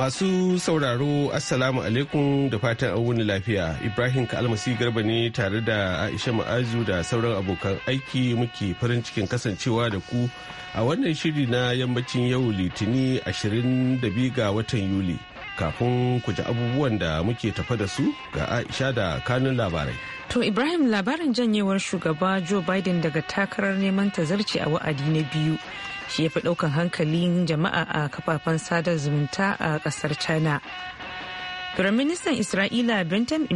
Masu sauraro Assalamu alaikum da fatan an wuni lafiya. Ibrahim Kalmasi Garba ne tare da Aisha Ma'azu da sauran abokan aiki muke farin cikin kasancewa da ku a wannan shiri na yammacin yau litini 22 ga watan Yuli. Kafin ku ji abubuwan da muke tafa da su ga Aisha da kanun labarai. To Ibrahim labarin janyewar shugaba Joe Biden daga takarar neman ta tazarci a wa'adi na biyu shi ya fi daukan hankalin jama'a a kafafen sadar zumunta a kasar China. Firaministan Isra'ila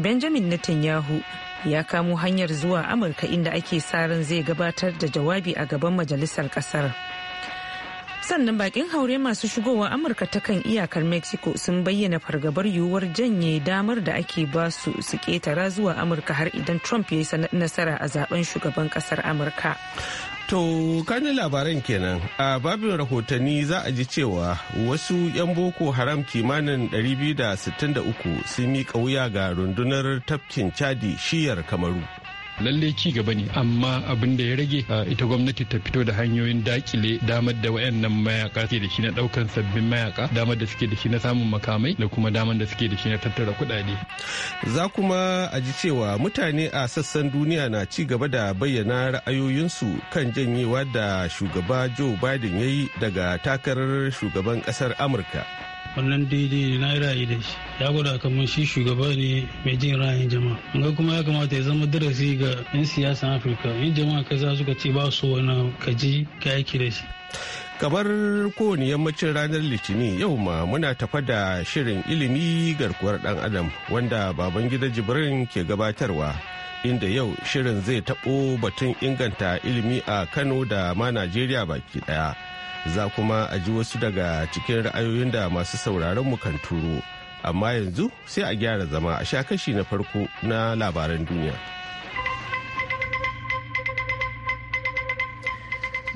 Benjamin Netanyahu ya kamo hanyar zuwa Amurka inda ake sa ran zai gabatar da jawabi a gaban majalisar kasar. sannan bakin haure masu shigowa amurka ta kan iyakar mexico sun bayyana fargabar yiwuwar janye damar da ake ba su su ketara zuwa amurka har idan trump ya yi nasara a zaben shugaban kasar amurka to kanin labaran kenan a babin rahotanni za a ji cewa wasu 'yan boko haram kimanin 263 sun miƙa wuya ga rundunar tafkin chadi shiyar kamaru lallai ci gaba ne amma abin da ya rage ita gwamnati ta fito da hanyoyin dakile damar da wayannan mayaka ke da shi na daukan sabbin mayaka damar da suke da shi na samun makamai da kuma damar da suke da shi na tattara kudade. Za kuma a ji cewa mutane a sassan duniya na ci gaba da bayyana ra'ayoyinsu kan janyewa da shugaba Joe Biden ya daga takarar shugaban kasar Amurka. wannan daidai na ra'ayi da shi ya gwada kamar shi shugaba ne mai jin ra'ayin jama'a ga kuma ya kamata ya zama darasi ga 'yan siyasan afirka in jama'a kaza suka ce ba su wani kaji ka aiki da shi kamar kowane yammacin ranar litinin yau ma muna tafa da shirin ilimi garkuwar dan adam wanda baban gida jibrin ke gabatarwa inda yau shirin zai taɓo batun inganta ilimi a kano da ma najeriya baki daya. za kuma a ji wasu daga cikin ra'ayoyin da masu sauraron mu kan turo amma yanzu sai a gyara zama a sha kashi na farko na labaran duniya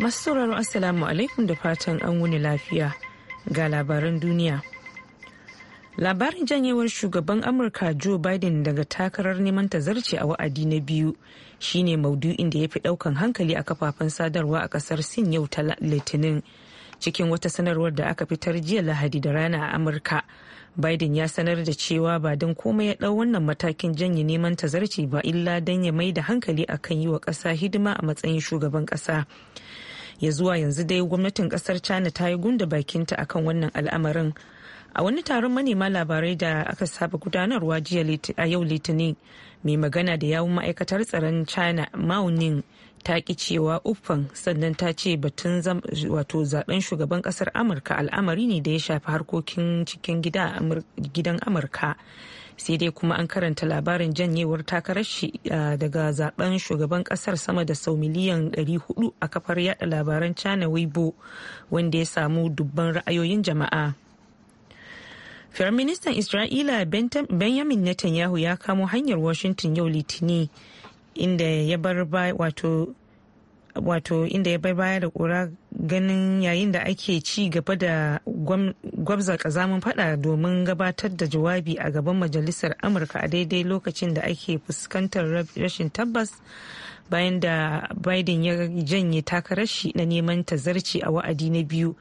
masu sauraron assalamu alaikum da fatan an wuni lafiya ga labaran duniya labarin janyewar shugaban amurka joe biden daga takarar neman tazarci a wa'adi na biyu shine maudu'in da ya fi daukan hankali a kafafen sadarwa a kasar sin yau ta litinin cikin wata sanarwar da aka fitar jiya lahadi da rana a amurka biden ya sanar da cewa ba don komai ya dau wannan matakin janye neman tazarci ba illa don ya mai da hankali akan yi wa kasa hidima a matsayin shugaban kasa ya zuwa yanzu dai gwamnatin kasar china ta yi gunda bakinta akan wannan al'amarin a wani taron manema labarai da aka saba gudanarwa jiya a yau litinin mai magana da yawun ma'aikatar tsaron china maunin ta ki cewa uffan sannan ta ce batun wato zaben shugaban kasar amurka al'amari ne da ya shafi harkokin cikin gidan amurka sai dai kuma an karanta labarin janyewar takarar shi daga zaben shugaban kasar sama da sau miliyan 400 a kafar yada labaran china weibo wanda ya samu dubban ra'ayoyin jama'a Firaministan Isra'ila Benjamin Netanyahu ya kamo hanyar Washington yau Litini inda ya bar wato wato inda ya bar baya da kura ganin yayin da ake ci gaba da gwabza kazamin fada domin gabatar da jawabi a gaban majalisar amurka a daidai lokacin da ake fuskantar rashin tabbas bayan da biden ya janye takarar shi na neman tazarci a wa'adi na biyu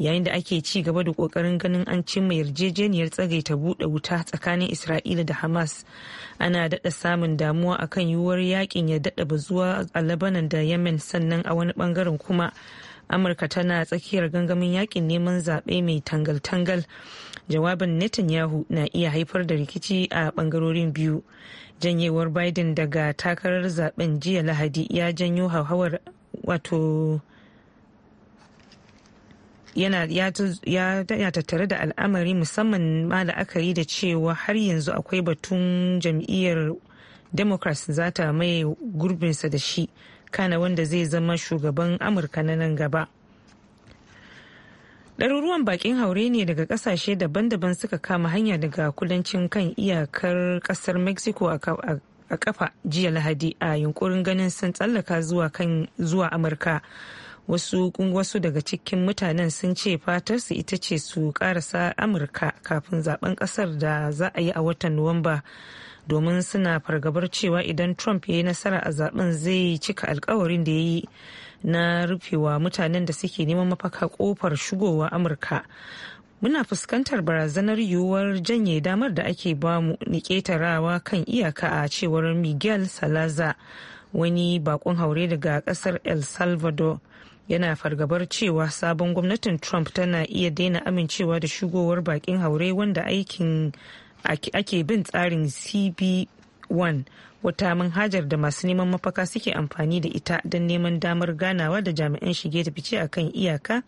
yayin da ake ci gaba da kokarin ganin an cimma yarjejeniyar ta buɗe wuta tsakanin isra'ila da hamas ana daɗa samun damuwa akan yiwuwar yakin ya daɗa bazuwa a labanan da yemen sannan a wani bangaren kuma amurka tana tsakiyar gangamin yakin neman zaɓe mai tangal-tangal jawabin netanyahu na iya haifar da rikici a bangarorin biyu janyewar biden daga takarar zaben jiya lahadi ya janyo hauhawar wato yana ya tattare da al'amari musamman ma la'akari da cewa har yanzu akwai batun jam'iyyar democrats za ta mai gurbinsa da shi kana wanda zai zama shugaban amurka na nan gaba ɗaruruwan bakin haure ne daga ƙasashe daban-daban suka kama hanya daga kudancin kan iyakar ƙasar mexico a kafa jiya lahadi a yunkurin ganin sun tsallaka zuwa amurka wasu wasu daga cikin mutanen sun ce fatarsu ita ce su karasa amurka kafin zaben kasar da za a yi a watan nuwamba domin suna fargabar cewa idan trump ya yi nasara a zaben zai cika alkawarin da ya yi na rufewa mutanen da suke neman mafaka kofar shigowa amurka muna fuskantar barazanar yiwuwar janye damar da ake bamu niƙetarawa kan iyaka a cewar miguel salaza wani bakon haure daga kasar el salvador yana fargabar cewa sabon gwamnatin trump tana iya daina amincewa da shigowar bakin haure wanda aikin ake bin tsarin cb1 wata manhajar da masu neman mafaka suke amfani da ita don neman damar ganawa da jami'an shige da fice akan iyaka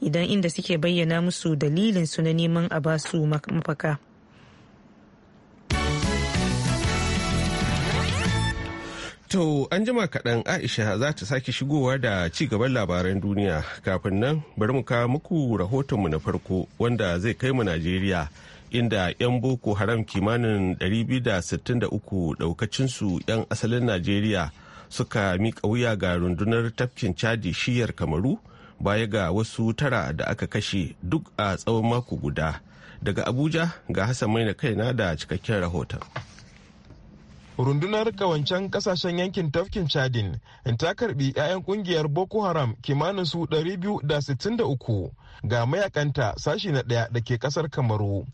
idan inda suke bayyana musu dalilin su na neman a basu mafaka To an jima kaɗan Aisha za ta sake shigowa da ci gaban labaran duniya kafin nan bari mu kawo muku mu na farko wanda zai kai mu Najeriya inda 'yan boko haram kimanin 263 ɗaukacinsu 'yan asalin Najeriya suka miƙa wuya ga rundunar tafkin caji shiyar kamaru baya ga wasu tara da aka kashe duk a tsawon mako guda daga abuja ga hassan na kaina da cikakken rahoton. rundunar kawancen kasashen yankin tafkin chadin ta karbi 'ya'yan kungiyar boko haram kimanin su 263 ga mayakanta sashi na daya da ke kasar kamaru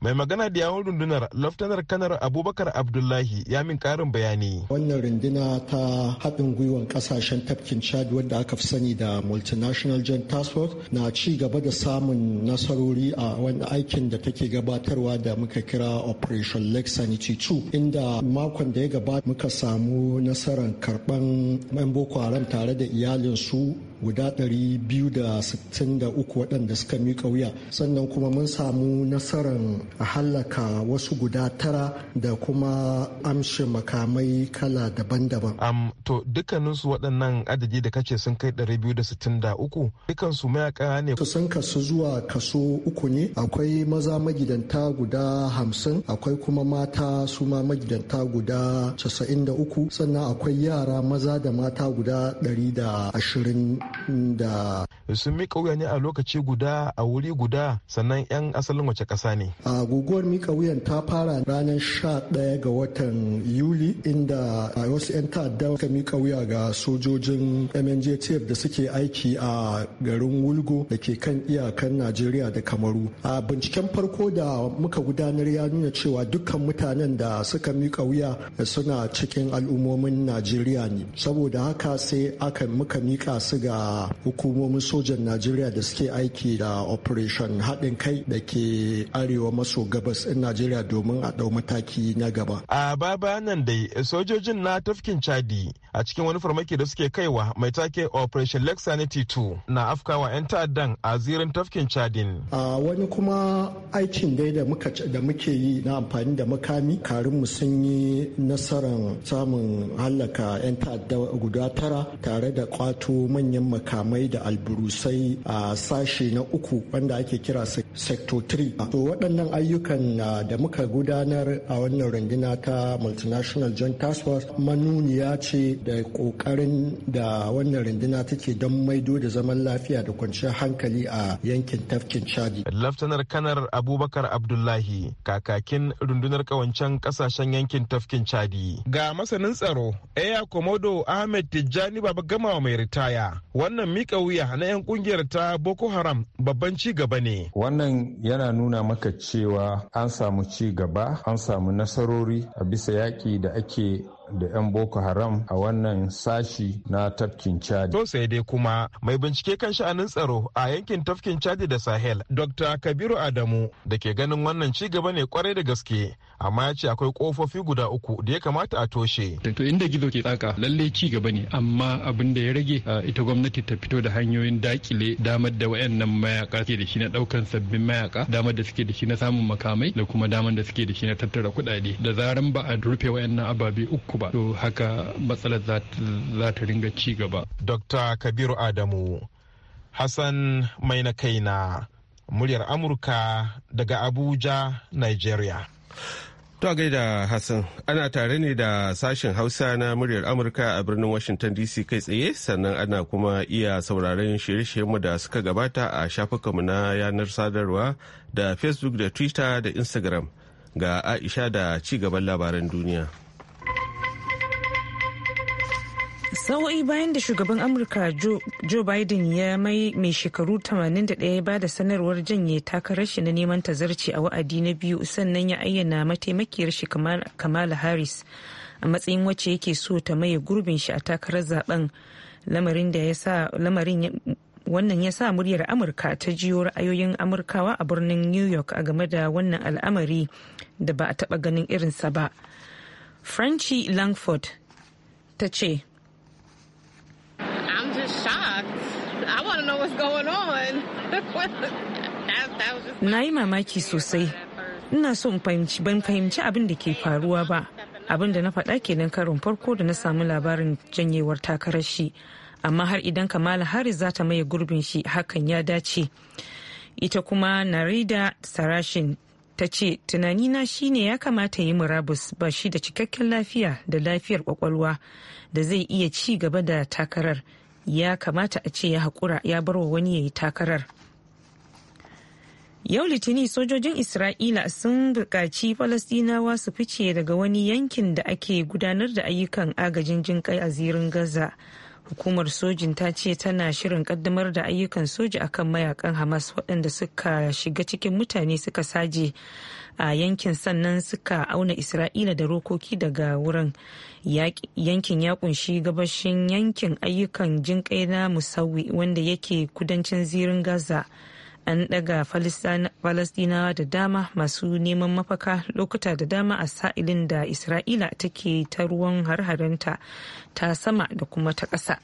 mai magana da yawon rundunar laftanar kanar abubakar abdullahi ya min karin bayani wannan runduna ta haɗin gwiwar ƙasashen tafkin chad wadda aka fi sani da multinational joint task force na ci gaba da samun nasarori a wani aikin da take gabatarwa da muka kira operation lake sanity 2 inda makon da ya gabata muka samu nasarar karɓan 'yan boko haram tare da iyalinsu guda 263 waɗanda suka miƙa wuya sannan kuma mun samu nasarar hallaka wasu guda tara da kuma amshi makamai kala daban-daban. Am to dukkaninsu waɗannan adadi da kace sun kai 263 dukansu mayaka ne. Sun kasu zuwa kaso uku ne akwai maza magidanta guda hamsin akwai kuma mata su ma magidanta guda 93 sannan akwai yara maza da mata guda 120 da sun mika wuya ne a lokaci guda a wuri guda sannan 'yan asalin wace ƙasa ne a guguwar mika wuyan ta fara ranar sha ɗaya ga watan yuli inda wasu 'yan ta'adda suka mika wuya ga sojojin mngtf da suke aiki a garin wulgo da ke kan iyakan najeriya da kamaru a binciken farko da muka gudanar ya nuna cewa dukkan mutanen da suka mika wuya suna cikin al'ummomin najeriya ne saboda haka sai aka muka mika su ga da hukumomin sojan najeriya da suke aiki da operation haɗin kai da ke arewa maso gabas in najeriya domin a ɗau mataki na gaba a baba nan dai sojojin na tafkin chadi a cikin wani farmaki da suke kaiwa mai take operation lake sanity 2 na afkawa 'yan ta'addan a zirin tafkin chadin a wani kuma aikin dai da muke yi na amfani da makami karin mu sun yi nasarar samun hallaka 'yan ta'adda guda tara tare da kwato manyan makamai da alburusai a sashe na uku wanda ake kira sector 3 to waɗannan ayyukan da muka gudanar a wannan runduna ta multinational joint task force manuniya ce da ƙoƙarin da wannan runduna take don maido da zaman lafiya da kwanciyar hankali a yankin tafkin chadi laftanar kanar abubakar abdullahi kakakin rundunar kawancen ƙasashen yankin tafkin chadi ga masanin tsaro eya komodo ahmed tijjani baba Gama mai ritaya wannan mika wuya na 'yan kungiyar ta boko haram babban ci gaba ne wannan yana nuna maka cewa an samu ci gaba an samu nasarori a bisa yaƙi da ake da 'yan boko haram a wannan sashi na tafkin chadi. to sai dai kuma mai bincike kan sha'anin tsaro a yankin tafkin chadi da sahel dr kabiru adamu da ke ganin wannan ci gaba ne kwarai da gaske amma ya ce akwai kofofi guda uku da ya kamata a toshe to inda gizo ke tsaka lalle ci gaba ne amma abin da ya rage ita gwamnati ta fito da hanyoyin dakile damar da wayannan mayaka ke da shi na daukan sabbin mayaka damar da suke da shi na samun makamai da kuma damar da suke da shi na tattara kudade da zaran ba a rufe wayannan ababe uku uku ba to haka matsalar za ta ringa ci gaba. Dr. Kabiru Adamu Hassan mai na kaina muryar Amurka daga Abuja, Nigeria. To gaida Hassan, ana tare ne da sashen Hausa na muryar Amurka a birnin Washington DC kai tsaye sannan ana kuma iya sauraron shirye-shiryenmu da suka gabata a shafukanmu na yanar sadarwa da Facebook da Twitter da Instagram ga Aisha da ci gaban labaran duniya. sa'o'i bayan da shugaban amurka joe biden ya mai mai shekaru 81 ya da sanarwar janye takarar shi na neman tazarci a wa'adi na biyu sannan ya ayyana mataimakiyar shi kamala harris a matsayin wacce yake so ta maye gurbin shi a takarar zaben lamarin da ya sa lamarin wannan ya sa muryar amurka ta jiyo ra'ayoyin amurkawa a birnin new york a game da wannan al'amari da ba a taba ganin irinsa ba franci langford ta ce Na yi mamaki sosai. Ina so ban fahimci abin da ke faruwa ba. Abin da na faɗa kenan karin farko da na samu labarin janyewar takarar shi. Amma har idan Kamala Harris za ta maye gurbin shi hakan ya dace. Ita kuma Narida Sarashin ta ce tunanina shine ya kamata yi murabus ba shi da cikakken lafiya da lafiyar kwakwalwa da zai iya ci gaba da takarar ya kamata a ce ya haƙura ya bar wa wani ya yi takarar yau litini sojojin isra'ila sun buƙaci falasɗinawa su fice daga wani yankin da ake gudanar da ayyukan agajin jinƙai a zirin gaza hukumar sojin ta ce tana shirin ƙaddamar da ayyukan soji akan mayakan hamas waɗanda suka shiga cikin mutane suka saje a yankin sannan suka auna isra'ila da rokoki daga wurin yankin ya kunshi gabashin yankin ayyukan jinƙai na musawi wanda yake kudancin zirin gaza an daga falastinawa da dama masu neman mafaka lokuta da dama a sa'ilin da isra'ila take ta ruwan harharenta ta sama da kuma ta ƙasa.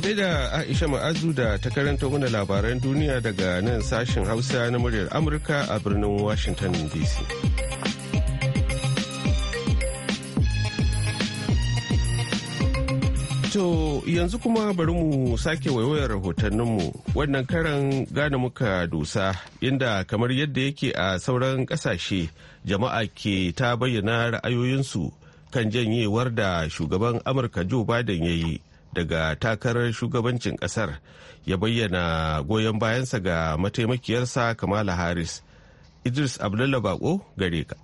sai da Aisha Ma'azu da ta karanta wani labaran duniya daga nan sashen Hausa na muryar Amurka a birnin Washington DC. To yanzu kuma bari mu sake waiwayar rahotanninmu wannan karan gane muka dusa inda kamar yadda yake a sauran kasashe jama'a ke ta bayyana ra'ayoyinsu kan janyewar da shugaban Amurka Joe Biden ya yi daga takarar shugabancin kasar ya bayyana goyon bayansa ga mataimakiyarsa kamala harris idris abdullah bako gare ka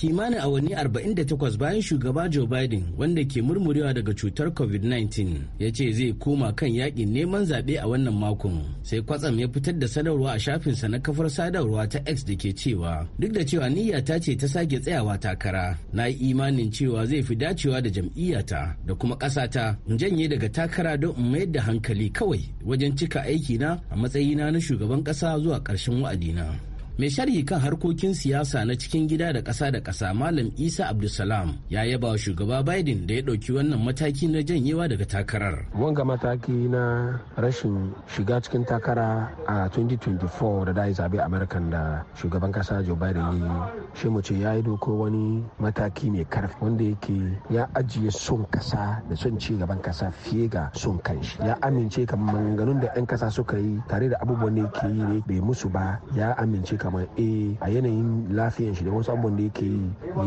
kimanin awanni 48 bayan shugaba Joe Biden wanda ke murmurewa daga cutar COVID-19 ya ce zai koma kan yakin neman zaɓe a wannan makon. Sai kwatsam ya fitar da sadarwa a shafinsa na kafar sadarwa ta X da ke cewa duk da cewa niyya ta ce ta sake tsayawa takara na yi imanin cewa zai fi dacewa da jam'iyyata da kuma ƙasata in janye daga takara don in mayar da hankali kawai wajen cika aikina a matsayina na shugaban ƙasa zuwa ƙarshen wa'adina. mai sharhi kan harkokin siyasa na cikin gida da kasa da kasa malam isa abdulsalam ya yaba wa shugaba biden da ya ɗauki wannan mataki na janyewa daga takarar wanga mataki na rashin shiga cikin takara a 2024 da da zabe amurkan da shugaban kasa joe biden yi shi mu ya yi doko wani mataki mai karfi wanda yake ya ajiye son ƙasa da son ci gaban ƙasa fiye ga son kanshi ya amince kamar maganganun da 'yan ƙasa suka yi tare da abubuwan da yake yi ne bai musu ba ya amince ka kamar eh a yanayin lafiyan shi da wasu abubuwan da yake yi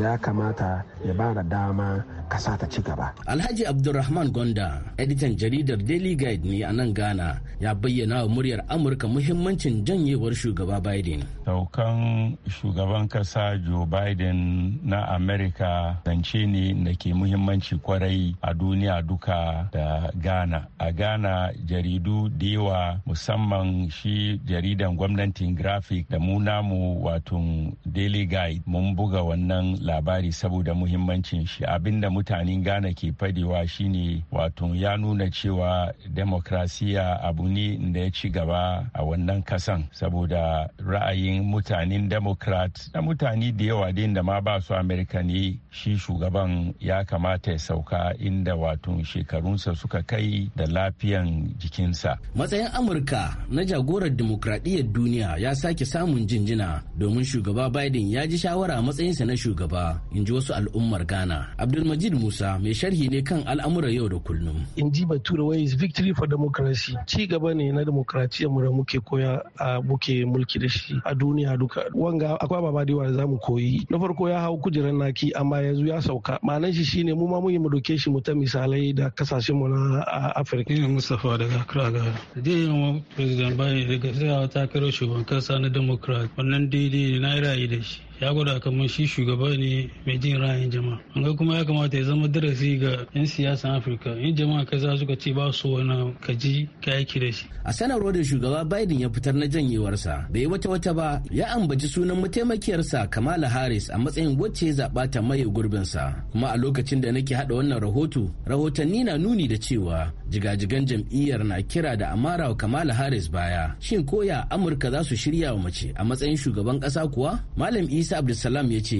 ya kamata ya ba da dama kasa ta ci gaba. Alhaji Abdulrahman Gonda, editan jaridar Daily Guide ne a nan Ghana, ya bayyana wa muryar Amurka muhimmancin janyewar shugaba Biden. Saukan shugaban kasa Joe Biden na Amerika zance ne da ke muhimmanci kwarai a duniya duka da Ghana. A Ghana jaridu da yawa musamman shi jaridan gwamnatin graphic da muna namu wato daily guide mun buga wannan labari saboda muhimmancin shi abinda mutanen ghana ke fadewa shine wato ya nuna cewa demokrasiya abu ne da ya ci gaba a wannan kasan saboda ra'ayin mutanen democrat da mutane da yawa din da ma ba su amerika ne shi shugaban ya kamata ya sauka inda wato shekarunsa suka kai da lafiyan jikinsa matsayin amurka na jagorar duniya ya sake samun jinjina domin shugaba Biden ya ji shawara a matsayinsa na shugaba in ji wasu al'ummar Ghana. Abdulmajid Musa mai sharhi ne kan al'amuran yau da kullum. In ji Bature wai is victory for democracy. Ci gaba ne na demokratiyyar mu da muke koya a muke mulki da shi a duniya duka. Wanga akwai baba da yawa da zamu koyi. Na farko ya hau kujerar naki amma yanzu ya sauka. Ma'anar shi shine mu ma mun yi mu doke shi mu ta misalai da kasashen mu na Afirka. Ni Mustafa daga Accra ga. Da yin President Biden daga sai ta kira shugaban kasa na demokrat wannan daidai ne na yi rayu da shi ya gwada kamar shi shugaba ne mai jin ra'ayin jama'a ga kuma ya kamata ya zama darasi ga 'yan siyasan afirka in jama'a kaza suka ce ba su wani kaji ka yaki da shi a sanarwar da shugaba biden ya fitar na janyewarsa bai wata wata ba ya ambaci sunan mataimakiyarsa kamala harris a matsayin wacce ya zaɓa ta maye gurbinsa kuma a lokacin da nake haɗa wannan rahoto rahotanni na nuni da cewa jigajigan jam'iyyar na kira da amara wa kamala harris baya shin koya amurka za su shirya wa mace a matsayin shugaban ƙasa kuwa malam isa isa abdulsalam ya ce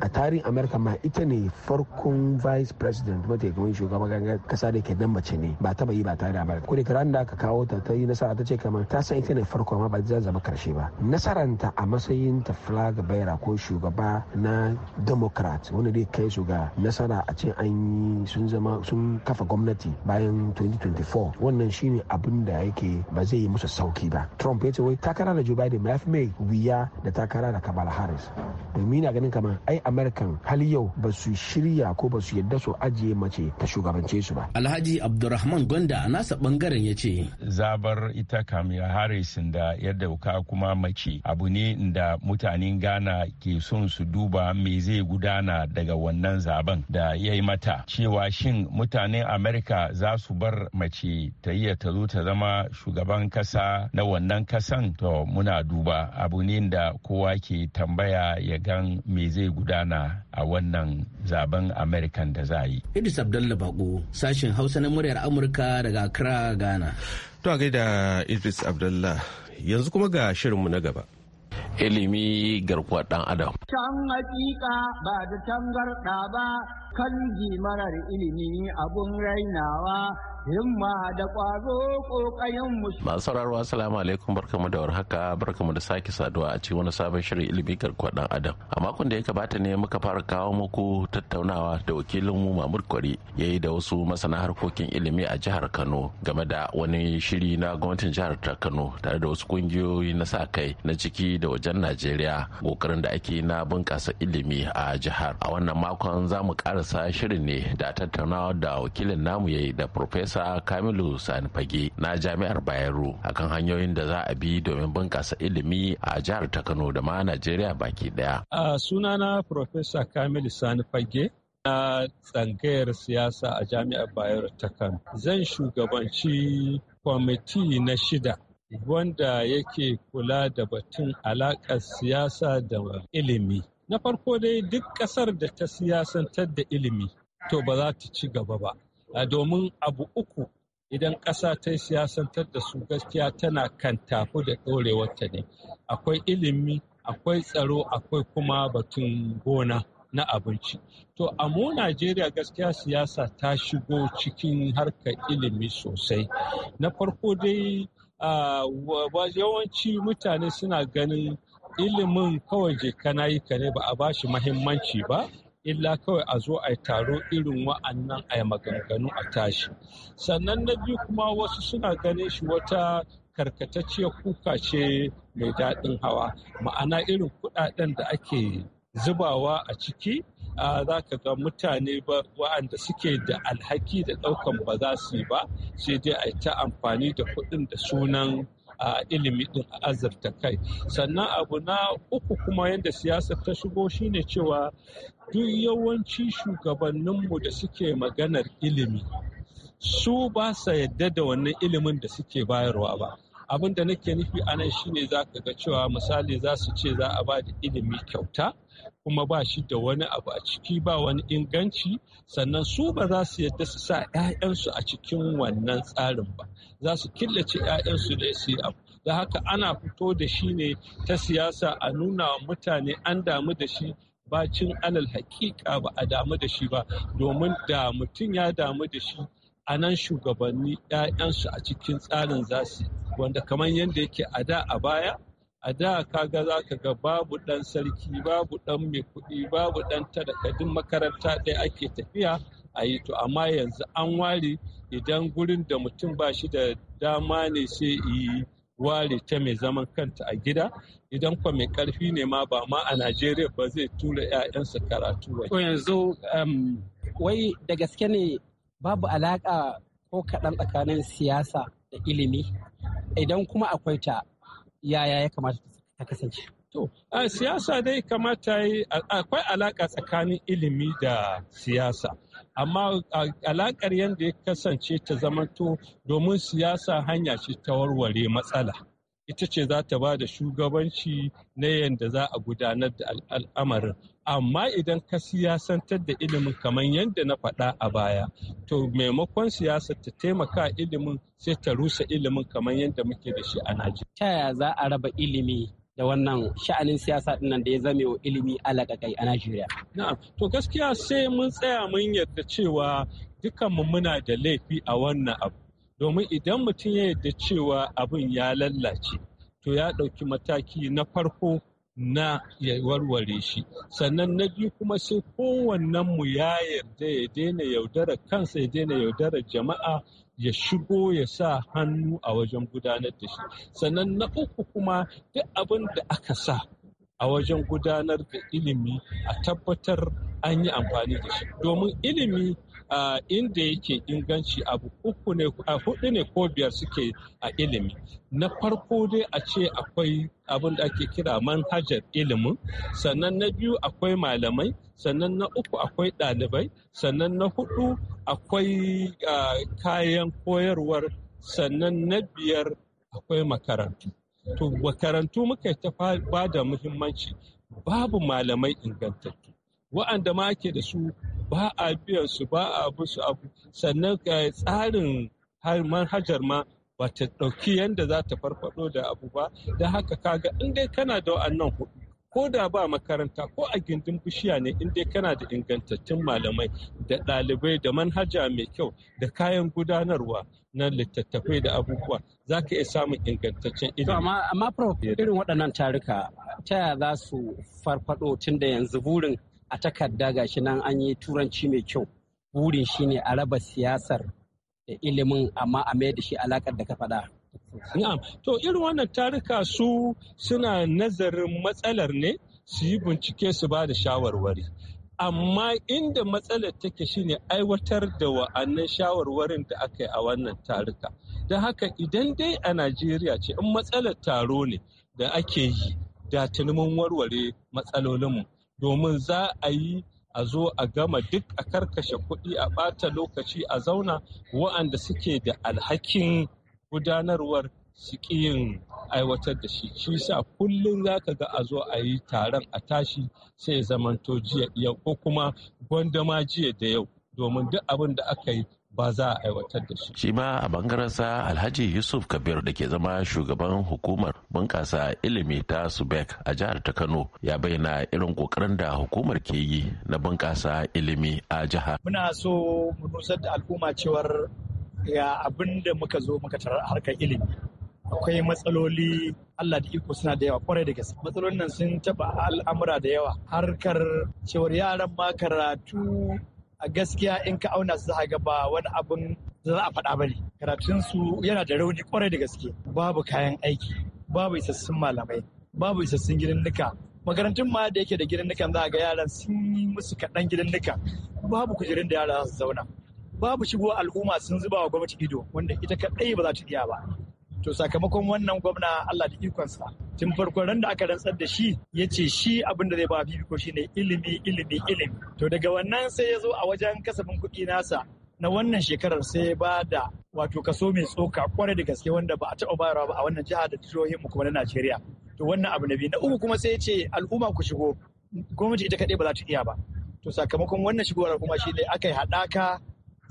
a tarihin america ma ita ne farkon vice president mataimakin shugaban kasa da ke dan mace ne ba taba yi ba tare da america kudi karan da kawo ta ta yi nasara ta ce kamar ta san ita ne farko amma ba zai zama karshe ba ta a matsayin ta flag bearer ko shugaba na democrat wanda dai kai su ga nasara a ce an yi sun zama sun kafa gwamnati bayan 2024 wannan shine abin da yake ba zai yi musu sauki ba trump ya ce wai takara da joe biden ya fi mai wuya da takara da kamala harris domin na ganin kama. ai american hali yau ba su shirya ko ba su yadda su ajiye mace ta shugabance su ba alhaji abdurrahman gwanda a nasa bangaren ya ce zabar ita kamila harris da ya dauka kuma mace abu ne da mutanen ghana ke son su duba me zai gudana daga wannan zaben da ya yi mata cewa shin mutanen america za su bar mace ta iya ta zo ta zama shugaban kasa na wannan kasan to muna duba abu ne da kowa ke tambaya ya gan me zai gudana a wannan zaben amerikan da za a yi idris Abdullah bako sashen hausa na muryar amurka daga accra ghana to a gaida idris Abdullah yanzu kuma ga shirinmu na gaba ilimi garkuwar dan adam can hakika ba da tangarda ba kan marar ilimi abun rainawa himma da ƙwazo ƙoƙayen musu. Masu sauraro assalamu alaikum barkamu da warhaka barkamu da sake saduwa a cikin wani sabon shirin ilimi garkuwar adam. A makon da ya gabata ne muka fara kawo muku tattaunawa da wakilinmu Mamud Kwari ya yi da wasu masana harkokin ilimi a jihar Kano game da wani shiri na gwamnatin jihar ta Kano tare da wasu kungiyoyi na sa kai na ciki da wajen Najeriya kokarin da ake na bunƙasa ilimi a jihar. A wannan makon za mu ƙarasa shirin ne da tattaunawa da wakilin namu ya da Professor farfesa kamilu sani fage na jami'ar bayero akan hanyoyin da za a bi domin bunƙasa ilimi a jihar ta kano da ma najeriya baki ɗaya. a sunana farfesa kamilu sani na tsangayar siyasa a jami'ar bayero ta kano zan shugabanci kwamiti na shida wanda yake kula da batun alaƙar siyasa da ilimi na farko dai duk ƙasar da ta siyasantar da ilimi to ba za ta ci gaba ba domin abu uku idan ƙasa ta siyasantar da su gaskiya tana kan tafi da ɗorewarta ne akwai ilimi akwai tsaro akwai kuma batun gona na abinci to a mu najeriya gaskiya siyasa ta shigo cikin harkar ilimi sosai na farko dai yawanci mutane suna ganin ilimin kawai je kana yi ka ne ba a bashi mahimmanci ba illa kawai a zo a taro irin wa'annan a maganganu a tashi sannan na biyu kuma wasu suna ganin shi wata karkatacciyar kuka ce mai daɗin hawa ma'ana irin kuɗaɗen da ake zubawa a ciki za ka ga mutane wa'anda suke da alhaki da ɗaukan ba za su yi ba sai dai a ta amfani da kuɗin da sunan a ilimi din azurta kai sannan abu na uku kuma yadda siyasar ta shigo shine cewa duk yawanci shugabanninmu da suke maganar ilimi su ba sa yadda da wannan ilimin da suke bayarwa ba abin da nake nufi a nan shine za ka ga cewa misali za su ce za a ba da ilimi kyauta kuma ba shi da wani abu a ciki ba wani inganci sannan su ba za su yadda su sa 'ya'yansu a cikin wannan tsarin ba za su killace 'ya'yansu da su abu da haka ana fito da shi ne ta siyasa a nuna wa mutane an damu da shi ba cin alal hakika ba a damu da shi ba domin da mutum ya damu da shi a nan shugabanni 'ya'yansu a cikin tsarin za su wanda kamar yadda yake a da a baya a da kaga za ka ga babu ɗan sarki babu ɗan mai kuɗi babu ɗan talaka duk makaranta ɗaya ake tafiya a yi to amma yanzu an ware idan gurin da mutum ba shi da dama ne sai yi ware ta mai zaman kanta a gida idan kwa mai karfi ne ma ba ma a najeriya ba zai tura 'ya'yansa karatu wai yanzu um, wai da gaske ne babu alaƙa ko kaɗan tsakanin siyasa da ilimi idan kuma akwai ta yaya ya kamata ta kasance to siyasa dai kamata akwai alaka tsakanin ilimi da siyasa amma alakar yadda ya kasance ta zamanto domin siyasa hanya ce ta warware matsala ita ce za ta ba da shugabanci na yadda za a gudanar da al'amarin amma idan ka siyasantar da ilimin kamar yadda na faɗa a baya to maimakon siyasar ta taimaka ilimin sai ta rusa ilimin kamar yadda muke da shi a najeriya ta yaya za a raba ilimi da wannan sha'anin siyasa dinnan da ya zame wa ilimi alaƙaƙai a najeriya na'am to gaskiya sai mun tsaya mun yarda cewa dukanmu muna da laifi a wannan abu domin idan mutum ya yarda cewa abin ya lallace to ya ɗauki mataki na farko na ya warware shi sannan na biyu kuma sai kowannen mu ya yarda ya daina yaudara kansa ya daina yaudara jama'a ya shigo ya sa hannu a wajen gudanar da shi sannan na uku kuma duk abin da aka sa a wajen gudanar da ilimi a tabbatar an yi amfani da shi domin ilimi inda yake inganci abu uku ne a hudu ne ko biyar suke a ilimi na farko dai a ce akwai abin da ake kira manhajar ilimin sannan na biyu akwai malamai sannan na uku akwai ɗalibai sannan na hudu akwai kayan koyarwar sannan na biyar akwai makarantu to makarantu muka ta ba da muhimmanci babu malamai ingantattu wa'anda ma ke da su ba a biyan su ba a su abu sannan tsarin manhajar ma ba ta ɗauki yadda za ta farfado da abu ba da haka kaga in dai kana da wa'annan hudu ko da ba makaranta ko a gindin bishiya ne in dai kana da ingantattun malamai da ɗalibai da manhaja mai kyau da kayan gudanarwa na littattafai da abubuwa za ka iya samun ingantaccen ilimi. amma irin waɗannan tarika ta za su farfado tun da yanzu burin a takarda gashi nan an yi turanci mai kyau burin shi ne a raba siyasar da ilimin amma a mayar da shi alakar da ka faɗa. Na'am, to irin wannan tarika su suna nazarin matsalar ne su yi bincike su ba da shawarwari. Amma inda matsalar take shi ne aiwatar da wa'annan shawarwarin da aka yi a wannan tarika. Da haka idan dai a Najeriya ce in matsalar taro ne da ake yi da tunumin warware matsalolinmu. domin za a yi a zo a gama duk a karkashe kuɗi a ɓata lokaci a zauna wa'anda suke da alhakin gudanarwar su yin aiwatar da shi shi sa kullum za ka ga a zo a yi taron a tashi sai zamanto jiya yau ko kuma gwandama jiya da yau domin duk abin da aka yi ba za a aiwatar da shi. Shi ma a sa Alhaji Yusuf Kabir da ke zama shugaban hukumar bunƙasa ilimi ta Subek a jihar ta Kano ya bayyana irin ƙoƙarin da hukumar ke yi na bunƙasa ilimi a jihar. Muna so mu nusar da al'umma cewar ya abin da muka zo muka tarar harkar ilimi. Akwai matsaloli Allah da iko suna da yawa kwarai da gaske. Matsalolin nan sun taɓa al'amura da yawa harkar cewar yaran ma karatu a gaskiya in ka auna su za ga ba wani abin da za a faɗa ba ne karatunsu yana da rauni kwarai da gaske babu kayan aiki babu isassun malamai babu isassun gidan nika makarantun ma da yake da gidan nukan za a ga yaran sun yi musu kaɗan gidan nika babu kujerun da yara za su zauna babu shigo al'umma sun zuba wa gwamnati ido wanda ita kaɗai ba za ta iya ba to sakamakon wannan gwamna Allah da ikonsa tun farko ran da aka rantsar da shi ya ce shi abin da zai ba shi shine ilimi ilimi ilimi to daga wannan sai ya zo a wajen kasafin kuɗi nasa na wannan shekarar sai ya ba da wato kaso mai tsoka kwarai da gaske wanda ba a taɓa bayarwa ba a wannan jiha da mu kuma na Najeriya. To wannan abu na biyu. Na uku kuma sai ya ce al'umma ku shigo gwamnati ita kadai ba za ta iya ba. To sakamakon wannan shigowar kuma shi ne aka yi haɗaka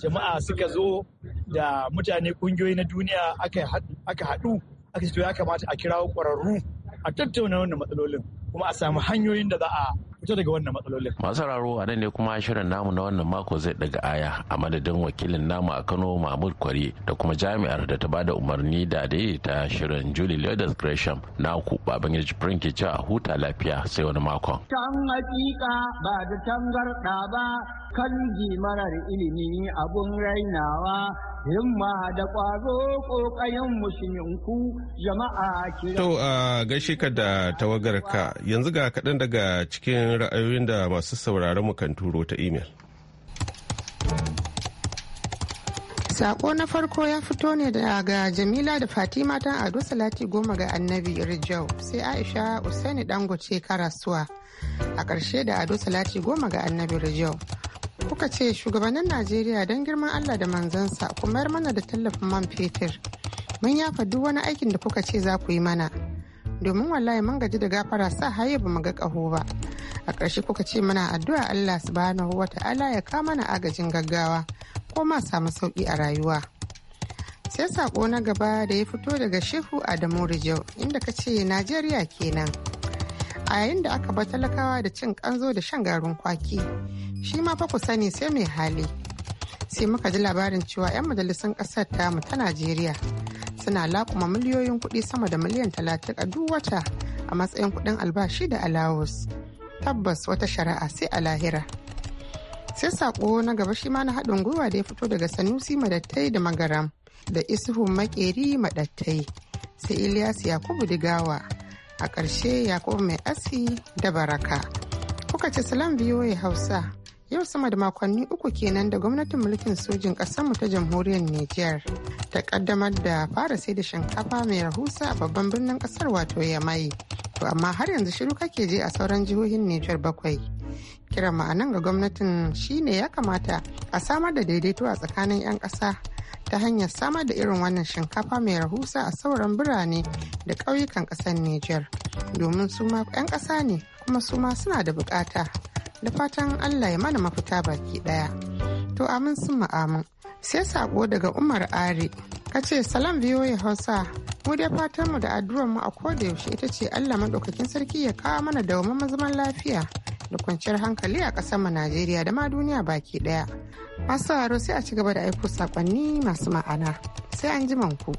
jama'a suka zo da mutane ƙungiyoyi na duniya aka yi aka haɗu aka ce to ya kamata a kirawo ƙwararru a tattauna wannan matsalolin kuma a samu hanyoyin da za a fita daga wannan matsalolin. Masu raro a nan ne kuma shirin namu na wannan mako zai daga aya a madadin wakilin namu a Kano Mahmud Kwari da kuma jami'ar da ta ba da umarni da ta shirin Julie Leathers Gresham na ku baban ya jibrin ke a huta lafiya sai wani makon. Can hakika ba da tangarɗa ba kanji marar ilimi abun rainawa himma da ƙwazo ƙoƙayen musulminku jama'a kira. To a gaishe ka da tawagarka yanzu ga kaɗan daga cikin ra'ayoyin da masu sauraron mu kan turo ta email Sako na farko ya fito ne daga Jamila da Fatima ta Ado Salati goma ga Annabi Rijau sai Aisha Usaini Dangote Karasuwa a ƙarshe da Ado Salati goma ga Annabi Rijau. kuka ce shugabannin najeriya don girman allah da manzansa kuma yar mana da tallafin man fetur mun yafa duk wani aikin da kuka ce za ku yi mana domin wallahi mun gaji da gafara sa haye ba mu ga ƙaho ba a ƙarshe kuka ce mana addu'a allah su subhanahu wa ta'ala ya kama mana agajin gaggawa ko ma samu sauƙi a rayuwa sai sako na gaba da ya fito daga shehu adamu rijau inda ka ce najeriya kenan a yayin da aka bar talakawa da cin kanzo da shan garin kwaki shi ma fa ku sani sai mai hali sai muka ji labarin cewa 'yan majalisun kasar tamu ta najeriya suna lakuma miliyoyin kuɗi sama da miliyan talatin a duk wata a matsayin kuɗin albashi da alawus tabbas wata shari'a sai a lahira sai saƙo na gaba shi ma na haɗin gwiwa da ya fito daga sanusi madattai da magaram da isuhu maƙeri madattai sai ilyas yakubu digawa a ƙarshe yakubu mai asi da baraka kuka ce salam ya hausa yau sama da makonni uku kenan da gwamnatin mulkin sojin mu ta jamhuriyar Nijar ta ƙaddamar da fara sai da shinkafa mai rahusa a babban birnin ƙasar wato yamai to amma har yanzu shiru kake je a sauran jihohin Nijar bakwai kiran ma'anan ga gwamnatin shine ya kamata a samar da daidaito a tsakanin 'yan ƙasa ta hanyar samar da irin wannan shinkafa mai rahusa a sauran birane da ƙauyukan ƙasar Nijar domin su ma 'yan ƙasa ne kuma su ma suna da bukata da fatan Allah ya mana mafita baki ɗaya. To amin sun ma'amin. Sai saƙo daga Umar Ari ka ce salam ya Hausa mu dai fatanmu da addu'ar mu a koda yaushe ita ce Allah madaukakin sarki ya kawo mana da zaman lafiya da kwanciyar hankali a ƙasar mu Najeriya da ma duniya baki ɗaya. Masu sauraro sai a ci gaba da aiko sakonni masu ma'ana. Sai an ji ku.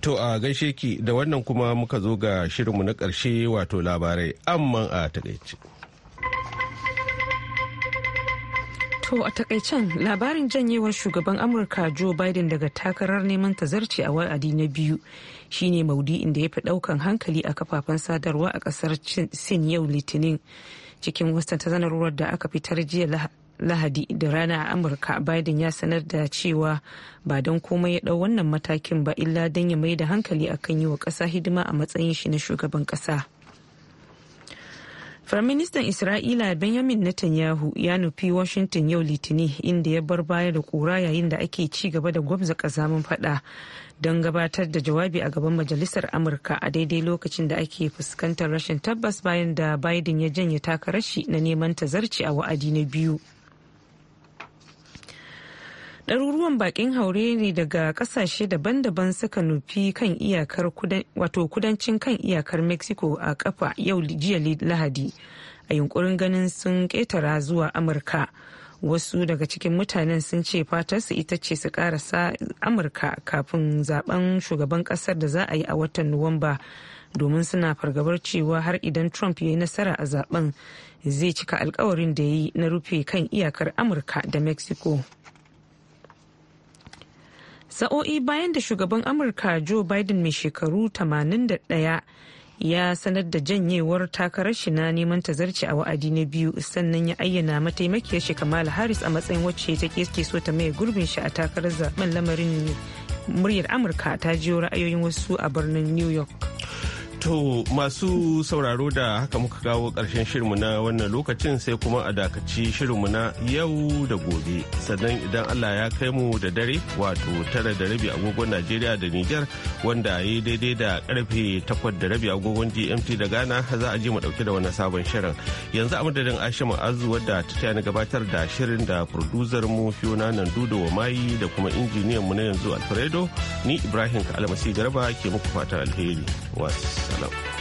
To a gaishe ki da wannan kuma muka zo ga shirinmu na ƙarshe wato labarai amma a taƙaice. To a takaicen labarin janyewar shugaban Amurka Joe Biden daga takarar neman tazarci a wa'adi na biyu shine maudu'in da ya fi daukan hankali a kafafen sadarwa a kasar sin yau litinin cikin wasta ta zanarwar da aka fitar jiya lahadi da rana a amurka biden ya sanar da cewa ba don komai ya dau wannan matakin ba illa don ya mai da hankali akan yi wa kasa hidima a matsayin shi na shugaban kasa Firaministan Isra'ila Benjamin Netanyahu ya nufi Washington yau litini inda ya bar baya da kura yayin da ake ci gaba da gwabza kazamin fada don gabatar da jawabi a gaban Majalisar Amurka a daidai lokacin da ake fuskantar rashin tabbas bayan da Biden ya janye takarashi na neman tazarci a wa'adi na biyu. ɗaruruwan bakin haure ne daga ƙasashe daban-daban suka nufi kan iyakar wato kudancin kan iyakar mexico a kafa yau jiya lahadi a yunkurin ganin sun ƙetara zuwa amurka wasu daga cikin mutanen sun ce fatar su ita ce su karasa amurka kafin zaben shugaban kasar da za a yi a watan nuwamba domin suna fargabar cewa har idan trump ya yi nasara a zaben zai cika alkawarin da ya yi na rufe kan iyakar amurka da mexico sa'o'i bayan da shugaban amurka joe biden mai shekaru 81 ya sanar da janyewar takarar shi na neman ta zarce a wa'adi na biyu sannan ya ayyana mataimakiyar shi kamala harris a matsayin wacce ta ke so ta mai gurbin shi a takarar zaben lamarin muryar amurka ta jiyo ra'ayoyin wasu a birnin new york To masu sauraro da haka muka kawo ƙarshen shirinmu na wannan lokacin sai kuma a dakaci shirinmu na yau da gobe. Sannan idan Allah ya kai mu da dare wato tara da rabi agogon Najeriya da Nijar wanda ya yi daidai da karfe takwas da rabi agogon GMT da Ghana za a ji mu dauke da wani sabon shirin. Yanzu a madadin Aisha Azu wadda ta tayani gabatar da shirin da producer mu Fiona Nandudo wa Mayi da kuma injiniyan mu na yanzu Alfredo ni Ibrahim Kalmasi Garba ke muku fatan alheri. Wasu. no.